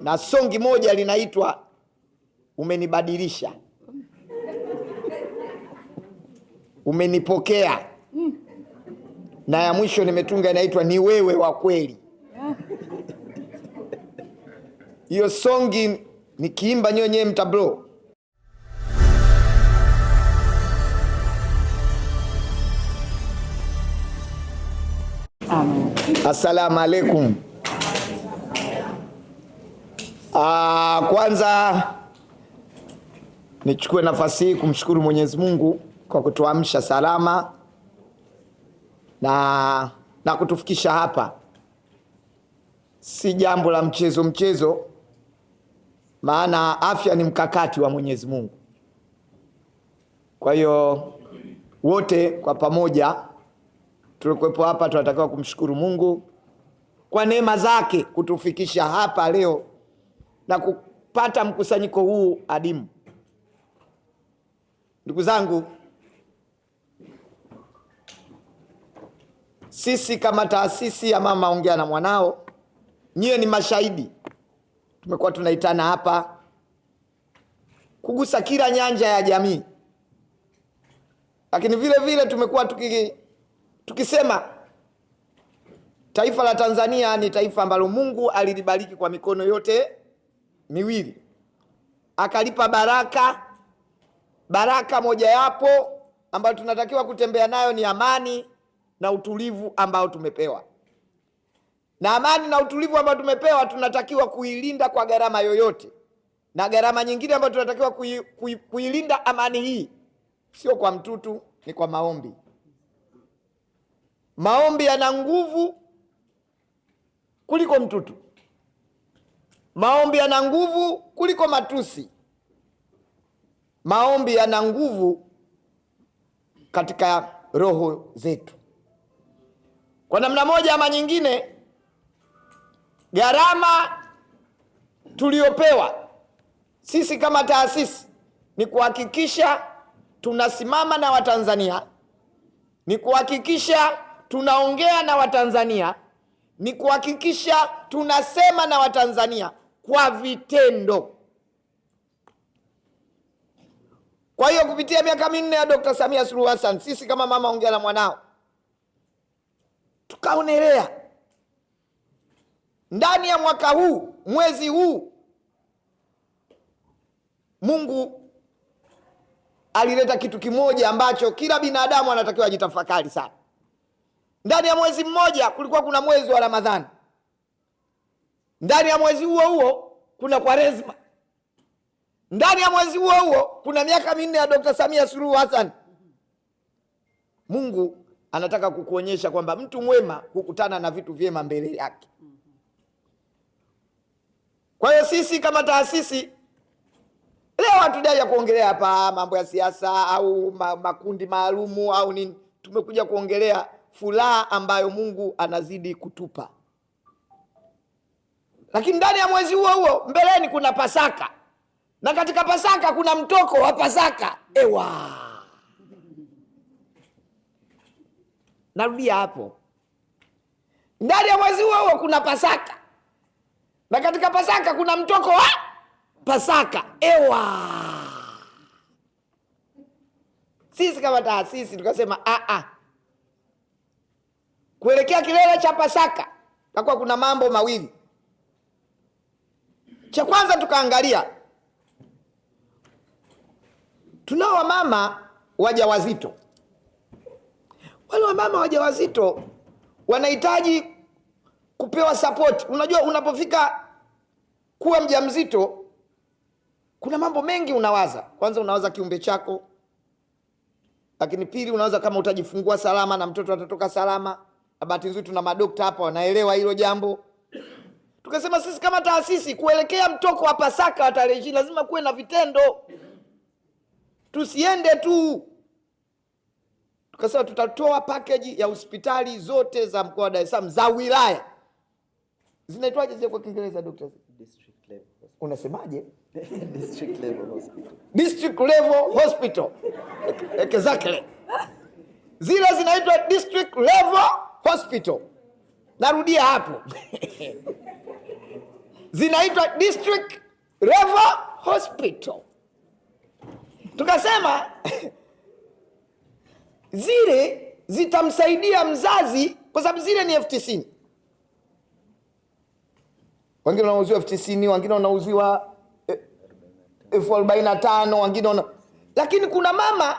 na songi moja linaitwa umenibadilisha, umenipokea, na ya mwisho nimetunga inaitwa ni wewe wa kweli. Hiyo songi nikiimba nyonyewe mtablo Assalamu alaikum. Aa, ah, kwanza nichukue nafasi hii kumshukuru Mwenyezi Mungu kwa kutuamsha salama na, na kutufikisha hapa. Si jambo la mchezo mchezo, maana afya ni mkakati wa Mwenyezi Mungu. Kwa hiyo wote kwa pamoja tulikuwepo hapa tunatakiwa kumshukuru Mungu kwa neema zake kutufikisha hapa leo na kupata mkusanyiko huu adimu. Ndugu zangu, sisi kama taasisi ya Mama Ongea na Mwanao, nyiwe ni mashahidi. Tumekuwa tunaitana hapa kugusa kila nyanja ya jamii, lakini vile vile tumekuwa tuki, tukisema taifa la Tanzania ni taifa ambalo Mungu alilibariki kwa mikono yote miwili, akalipa baraka. Baraka mojawapo ambayo tunatakiwa kutembea nayo ni amani na utulivu ambao tumepewa, na amani na utulivu ambao tumepewa tunatakiwa kuilinda kwa gharama yoyote, na gharama nyingine ambayo tunatakiwa kui, kui, kuilinda amani hii sio kwa mtutu, ni kwa maombi. Maombi yana nguvu kuliko mtutu. Maombi yana nguvu kuliko matusi. Maombi yana nguvu katika roho zetu. Kwa namna moja ama nyingine, gharama tuliyopewa sisi kama taasisi ni kuhakikisha tunasimama na Watanzania, ni kuhakikisha tunaongea na Watanzania, ni kuhakikisha tunasema na Watanzania kwa vitendo. Kwa hiyo kupitia miaka minne ya dokta Samia Suluhu Hassan, sisi kama mama ongea na mwanao tukaonelea ndani ya mwaka huu mwezi huu Mungu alileta kitu kimoja ambacho kila binadamu anatakiwa ajitafakari sana. Ndani ya mwezi mmoja kulikuwa kuna mwezi wa Ramadhani. Ndani ya mwezi huo huo kuna Kwaresma, ndani ya mwezi huo huo kuna miaka minne ya dokta Samia Suluhu Hassan. Mungu anataka kukuonyesha kwamba mtu mwema hukutana na vitu vyema mbele yake. Kwa hiyo sisi kama taasisi leo hatujaja kuongelea hapa mambo ya siasa au makundi maalumu au nini. Tumekuja kuongelea furaha ambayo Mungu anazidi kutupa. Lakini ndani ya mwezi huo huo mbeleni kuna Pasaka, na katika Pasaka kuna mtoko wa Pasaka. Ewa, narudia hapo, ndani ya mwezi huo huo kuna Pasaka, na katika Pasaka kuna mtoko wa Pasaka. Ewa, sisi kama taasisi tukasema aa, ah, ah. kuelekea kilele cha Pasaka takuwa kuna mambo mawili cha kwanza tukaangalia, tunao wamama wajawazito. Wale wamama wajawazito wanahitaji kupewa sapoti. Unajua, unapofika kuwa mjamzito kuna mambo mengi unawaza. Kwanza unawaza kiumbe chako, lakini pili unawaza kama utajifungua salama na mtoto atatoka salama, na bahati nzuri tuna madokta hapa wanaelewa hilo jambo. Tukasema sisi kama taasisi kuelekea mtoko wa Pasaka wa tarehe ishirini lazima kuwe na vitendo, tusiende tu. Tukasema tutatoa pakeji ya hospitali zote za mkoa wa Dar es Salaam za wilaya, zinaitwaje zile kwa Kiingereza Unasemaje? District level hospital. District level hospital. Exactly. Zile zinaitwa district level hospital. Narudia hapo zinaitwa district River hospital. Tukasema zile zitamsaidia mzazi kwa sababu zile ni elfu tisini wengine wanauziwa elfu tisini wengine wanauziwa eh, elfu arobaini na tano wengine wana... Lakini kuna mama,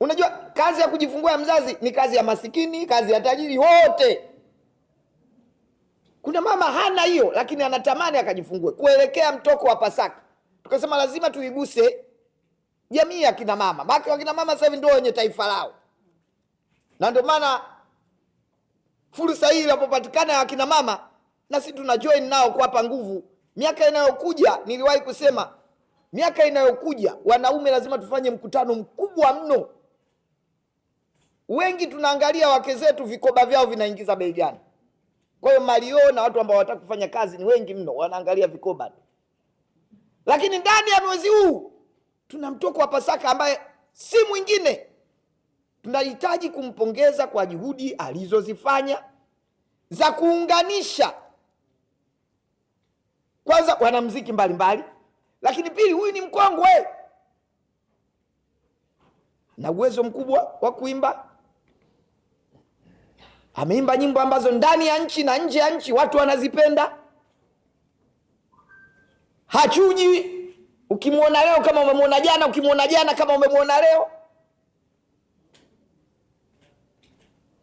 unajua kazi ya kujifungua ya mzazi ni kazi ya masikini, kazi ya tajiri, wote kuna mama hana hiyo, lakini anatamani akajifungue. Kuelekea mtoko wa Pasaka, tukasema lazima tuiguse jamii ya kina mama, maana wakina mama sasa hivi ndio wenye taifa lao, na ndio maana fursa hii inapopatikana ya wakina mama, na sisi tuna join nao kuwapa nguvu. Miaka inayokuja niliwahi kusema, miaka inayokuja wanaume lazima tufanye mkutano mkubwa mno. Wengi tunaangalia wake zetu vikoba vyao vinaingiza bei gani kwa hiyo malio na watu ambao wanataka kufanya kazi ni wengi mno, wanaangalia vikoba tu. Lakini ndani ya mwezi huu tuna mtoko wa Pasaka ambaye si mwingine, tunahitaji kumpongeza kwa juhudi alizozifanya za kuunganisha kwanza wanamziki mbalimbali, lakini pili, huyu ni mkongwe na uwezo mkubwa wa kuimba Ameimba nyimbo ambazo ndani ya nchi na nje ya nchi watu wanazipenda. Hachuji, ukimwona leo kama umemwona jana, ukimwona jana kama umemwona leo.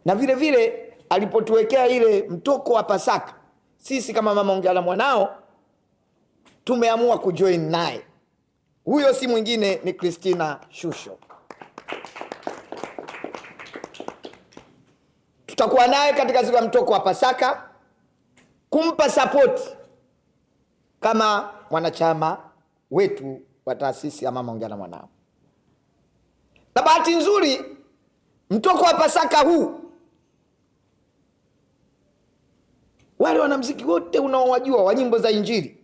Na vile vile alipotuwekea ile mtoko wa Pasaka, sisi kama Mama Ongea na Mwanao tumeamua kujoin naye. Huyo si mwingine ni Christina Shusho. tutakuwa naye katika siku ya mtoko wa Pasaka kumpa sapoti kama mwanachama wetu wa taasisi ya Mama Ongea na Mwanao. Na bahati nzuri mtoko wa Pasaka huu wale wanamziki wote unaowajua wa nyimbo za Injili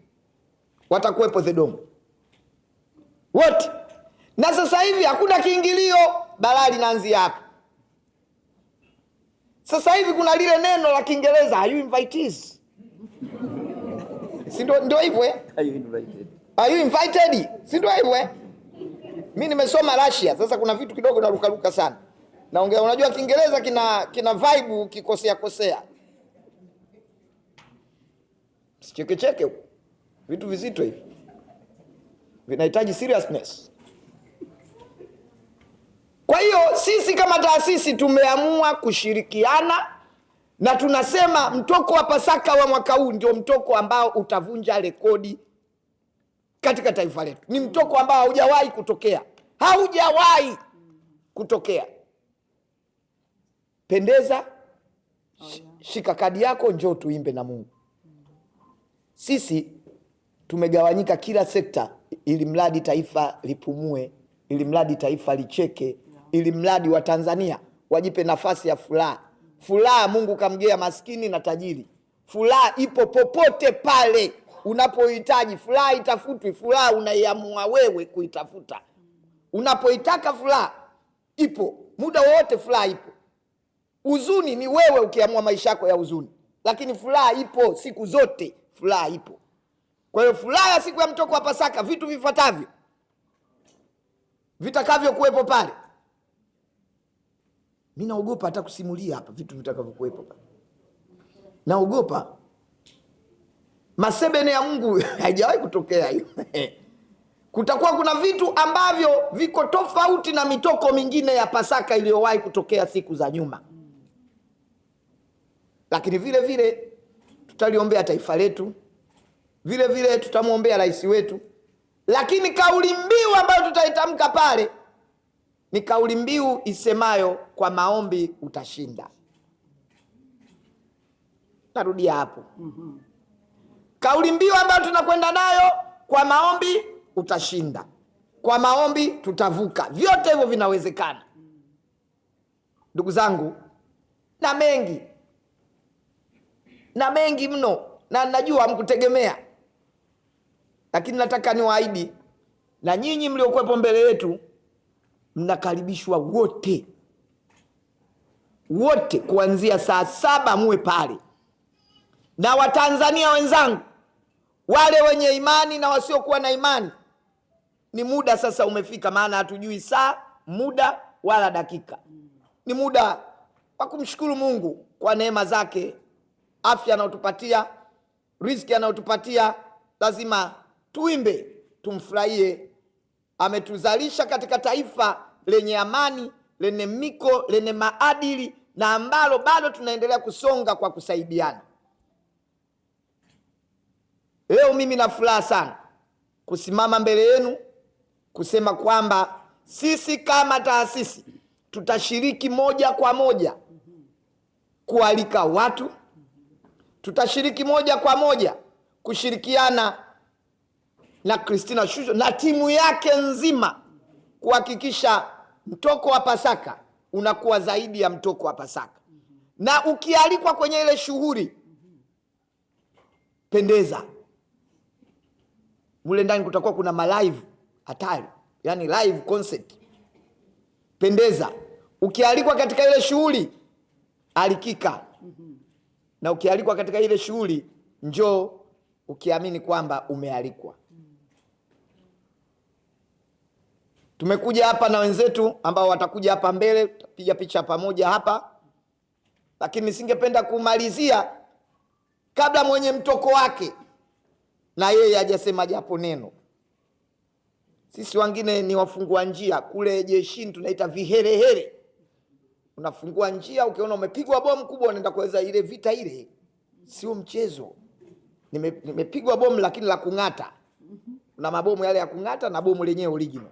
watakuwepo Dodoma wote, na sasa hivi hakuna kiingilio, balaa linaanzia hapa. Sasa hivi kuna lile neno la Kiingereza are you invitees, si ndio hivyo eh? Are you invited? Are you invited? Si ndio hivyo eh? Mimi nimesoma Russia. Sasa kuna vitu kidogo narukaruka sana. Naongea unajua Kiingereza kina kina vibe kikosea kosea. Sicheke Vitu vizito hivi. Vinahitaji seriousness. Kwa hiyo sisi kama taasisi tumeamua kushirikiana na tunasema mtoko wa Pasaka wa mwaka huu ndio mtoko ambao utavunja rekodi katika taifa letu. Ni mtoko ambao haujawahi kutokea, haujawahi kutokea. Pendeza, shika kadi yako, njoo tuimbe na Mungu. Sisi tumegawanyika kila sekta, ili mradi taifa lipumue, ili mradi taifa licheke, ili mradi wa Tanzania wajipe nafasi ya furaha. Furaha Mungu kamgea maskini na tajiri. Furaha ipo popote pale unapohitaji furaha, itafutwi. Furaha unaiamua wewe kuitafuta unapoitaka. Furaha ipo muda wowote, furaha ipo. Huzuni ni wewe ukiamua maisha yako ya huzuni, lakini furaha ipo siku zote, furaha ipo. Kwa hiyo furaha ya siku ya mtoko wa Pasaka, vitu vifuatavyo vitakavyokuwepo pale Mi naogopa hata kusimulia hapa vitu vitakavyokuwepo. Naogopa masebene ya Mungu haijawahi kutokea hiyo kutakuwa kuna vitu ambavyo viko tofauti na mitoko mingine ya Pasaka iliyowahi kutokea siku za nyuma, lakini vile vile tutaliombea taifa letu, vile vile tutamwombea rais wetu, lakini kauli mbiu ambayo tutaitamka pale ni kauli mbiu isemayo kwa maombi utashinda. Narudia hapo. mm -hmm. Kauli mbiu ambayo tunakwenda nayo, kwa maombi utashinda, kwa maombi tutavuka. Vyote hivyo vinawezekana, ndugu zangu, na mengi na mengi mno, na najua mkutegemea lakini nataka niwaahidi na nyinyi mliokuwepo mbele yetu mnakaribishwa wote wote, kuanzia saa saba muwe pale, na Watanzania wenzangu, wale wenye imani na wasiokuwa na imani, ni muda sasa umefika, maana hatujui saa, muda wala dakika. Ni muda wa kumshukuru Mungu kwa neema zake, afya anayotupatia, riziki anayotupatia. Lazima tuimbe, tumfurahie, ametuzalisha katika taifa lenye amani, lenye miko, lenye maadili na ambalo bado tunaendelea kusonga kwa kusaidiana. Leo mimi na furaha sana kusimama mbele yenu kusema kwamba sisi kama taasisi tutashiriki moja kwa moja kualika watu, tutashiriki moja kwa moja kushirikiana na Christina Shusho na timu yake nzima kuhakikisha mtoko wa Pasaka unakuwa zaidi ya mtoko wa Pasaka mm -hmm. na ukialikwa kwenye ile shughuli mm -hmm. pendeza mule ndani, kutakuwa kuna malive hatari, yani live concert. Pendeza ukialikwa katika ile shughuli alikika mm -hmm. na ukialikwa katika ile shughuli njoo ukiamini kwamba umealikwa. Tumekuja hapa na wenzetu ambao watakuja hapa mbele, piga picha pamoja hapa, lakini singependa kumalizia kabla mwenye mtoko wake na yeye hajasema japo neno. Sisi wengine ni wafungua njia, kule jeshini tunaita viherehere. Unafungua njia, ukiona umepigwa bomu kubwa unaenda kueleza ile vita, ile sio mchezo. Nimepigwa bomu lakini la kung'ata, na mabomu yale ya kung'ata na bomu lenyewe original.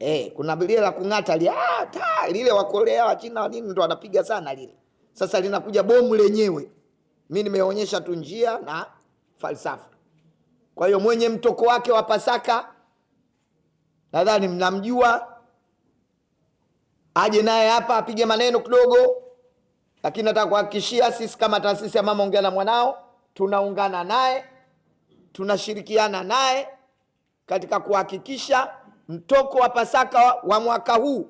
Eh, kuna lile la kung'ata li, ah, ta, lile wa Korea wa China nini ndo wanapiga sana lile. Sasa linakuja bomu lenyewe. Mimi nimeonyesha tu njia na falsafa. Kwa hiyo mwenye mtoko wake wa Pasaka nadhani mnamjua, aje naye hapa apige maneno kidogo, lakini nataka kuhakikishia sisi kama taasisi ya Mama Ongea na Mwanao tunaungana naye, tunashirikiana naye katika kuhakikisha mtoko wa Pasaka wa mwaka huu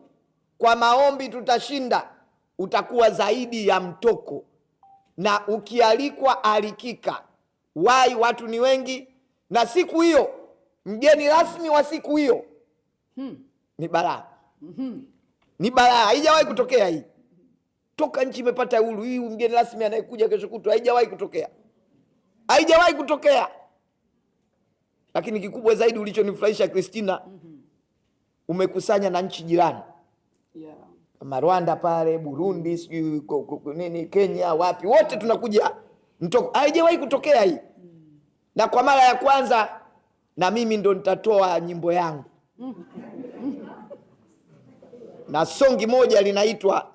kwa maombi tutashinda utakuwa zaidi ya mtoko, na ukialikwa alikika. Wai watu ni wengi, na siku hiyo mgeni rasmi wa siku hiyo hmm. ni balaa hmm. ni balaa, haijawahi kutokea hii toka nchi imepata uhuru. Hii mgeni rasmi anayekuja kesho kutwa haijawahi kutokea, haijawahi kutokea. Lakini kikubwa zaidi ulichonifurahisha Kristina, hmm umekusanya na nchi jirani yeah. kama Rwanda pale, Burundi, sijui nini, Kenya, wapi, wote tunakuja mtoko. Haijawahi kutokea hii mm. na kwa mara ya kwanza na mimi ndo nitatoa nyimbo yangu na songi moja linaitwa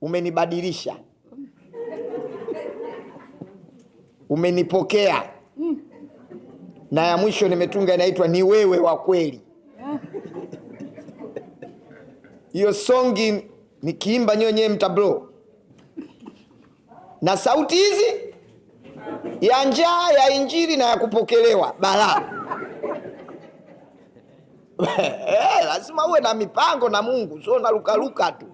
Umenibadilisha, Umenipokea, na ya mwisho nimetunga inaitwa Ni Wewe wa Kweli hiyo songi nikiimba nyewe mtablo na sauti hizi ya njaa ya injili na ya kupokelewa bala Eh, lazima uwe na mipango na Mungu, sio nalukaluka tu.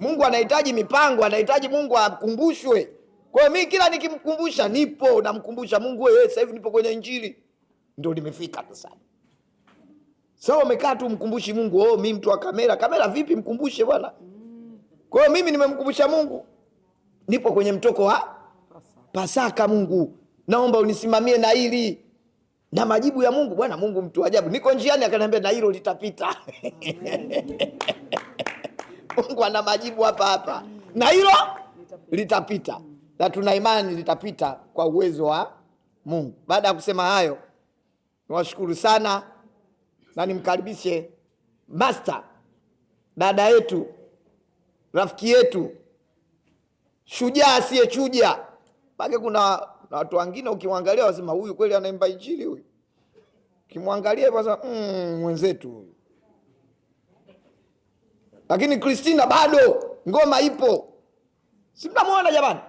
Mungu anahitaji mipango, anahitaji Mungu akumbushwe. Kwa mi mimi kila nikimkumbusha, nipo namkumbusha Mungu, wewe eh, sasa hivi nipo kwenye injili, ndio limefika sasa. Sasa so, umekaa tu mkumbushi Mungu. Oh, mimi mtu wa kamera. Kamera vipi mkumbushe Bwana? Kwa hiyo mimi nimemkumbusha Mungu. Nipo kwenye mtoko wa Pasaka. Mungu, naomba unisimamie na hili. Na majibu ya Mungu, Bwana Mungu mtu ajabu. Niko njiani akaniambia na hilo litapita. Mungu ana majibu hapa hapa. Na hilo litapita. Na tuna imani litapita kwa uwezo wa Mungu. Baada ya kusema hayo, niwashukuru sana na nimkaribishe master dada yetu rafiki yetu shujaa asiyechuja. Pake kuna watu wengine ukimwangalia wasema huyu kweli anaimba injili huyu, ukimwangalia hivyo wasema mm, mwenzetu huyu. Lakini Kristina bado ngoma ipo, si jamani?